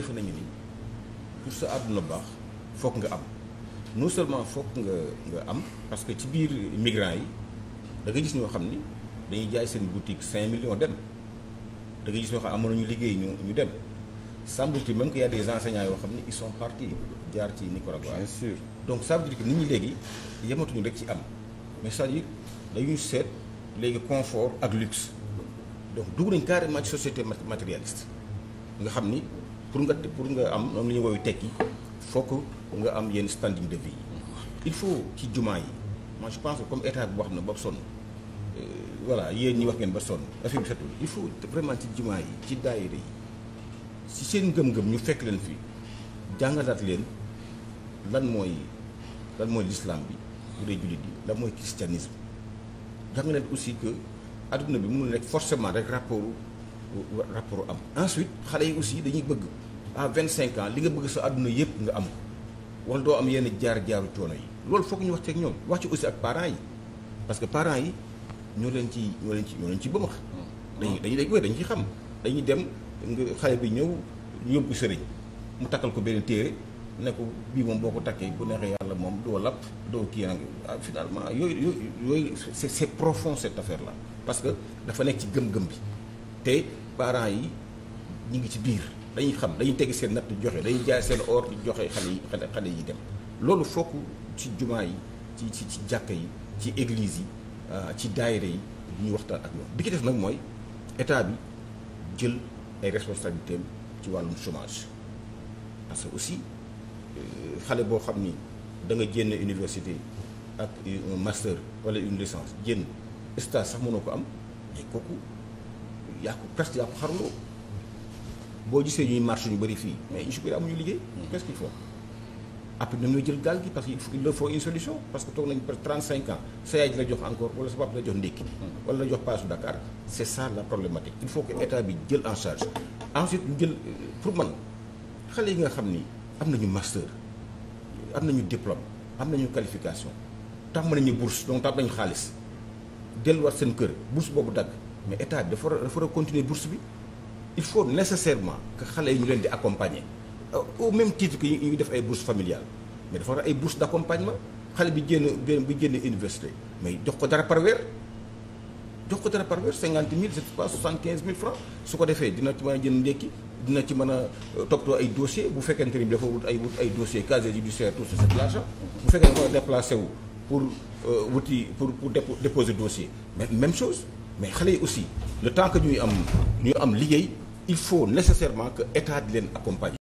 defe nañu ni pour sa àdduna baax foog nga am non seulement foog nga nga am parce que ci biir migrants yi da nga gis ñoo xam ni dañuy jaay seen boutique 5 millions dem da nga gis ñoo xam amoon nañu liggéey ñu ñu dem semble-t-il même que des enseignants yoo xam ni ils sont partis jaar ci Nicaragua. bien sûr donc ça veut nit ñi léegi yematuñu rek ci am message cest à dañuy seet léegi confort ak luxe donc dugg nañ carrément ci société matérialiste nga xam ni pour nga pour nga am moom la ñuy woowee tekki fokk nga am yenn standing de vie il faut ci jumaa yi moi je pense que comme état bi wax na ba sonn euh, voilà yéen ñi wax ngeen ba sonn affaire bi setul il faut vraiment ci jumaa yi ci daayira yi si seen ngëm-ngëm ñu fekk leen fii jàngalaat leen lan mooy lan mooy l'islam bi bu dee jullit yi lan mooy christianisme jàng leen aussi que adduna bi mënul nekk forcement rek rapport rapport am ensuite xale yi aussi dañuy bëgg à vingt cinq ans li nga bëgg sa àdduna yëpp nga am wala doo am yenn jaar-jaaru coono yi loolu foog ñu wax ci ak ñoom wax ci aussi ak parents yi parce que parents yi ñoo leen ci ñoo leen ci ñoo leen ci bëmax dañuy dañuy dañ dañ ci xam dañuy dem xale bi ñëw yóbbu sëriñ mu takkal ko benn téere ne ko bii moom boo ko takkee bu neexee yàlla moom doo lapp doo kii nag ah, finalement yooyu yooyu c'est c'est profond cette affaire là parce que dafa nekk ci gëm-gëm bi te parents yi ñu ngi ci biir dañuy xam dañuy tegi seen natt joxe dañuy jaay seen or di joxe xale yi dem loolu fokk ci jumaa yi ci ci ci jàkka yi ci église yi ah, ci daayira yi ñuy waxtaan ak ñoom bi ki def nag mooy état bi jël ay responsabilités ci wàllum chômage parce que aussi euh, xale boo xam ni da nga génn université ak un master wala une licence génn stage sax mënoo ko am mais yaa ko presque yaa boo gisee ñuy marché ñu bëri fii mais ñu si bëri amuñu liggéey. Mm. qu'est-ce qu'il faut après dañoo jël gaal gi parce que il leur faut une solution parce que toog nañu presque 35 ans sa yaay di la jox encore wala sa papa la jox ndékki. Mm. wala la jox paasu Dakar c'est ça la problématique. il faut que état bi jël en charge ensuite jël pour man xale yi nga xam ni am nañu master am nañu diplôme am nañu qualification tàmm nañu bourse donc tàmm nañu xaalis delluwaat seen kër bourse boobu dagg. mais état bi dafa war a dafa continuer bourse bi il faut nécessairement que xale yi ñu leen di accompagner euh, au même titre que ñu def ay bourses familiales mais dafa war ay bourses d'accompagnement xale bi génn benn bi génn université mais jox ko dara par weer jox ko dara par weer cinquante mille je ne sais pas soixante quinze mille francs su ko defee dina ci mën a jënd ndékki dina ci mën a euh, toppatoo ay dossier bu fekkente ni dafa wut ay wut ay dossier casier judiciaire tout ça c'est de l'argent bu fekkee wu pour euh, wuti pour pour déposer dossier mais même chose mais xale yi aussi le temps que ñuy am ñu am liggéey il faut nécessairement que état di leen accompagner.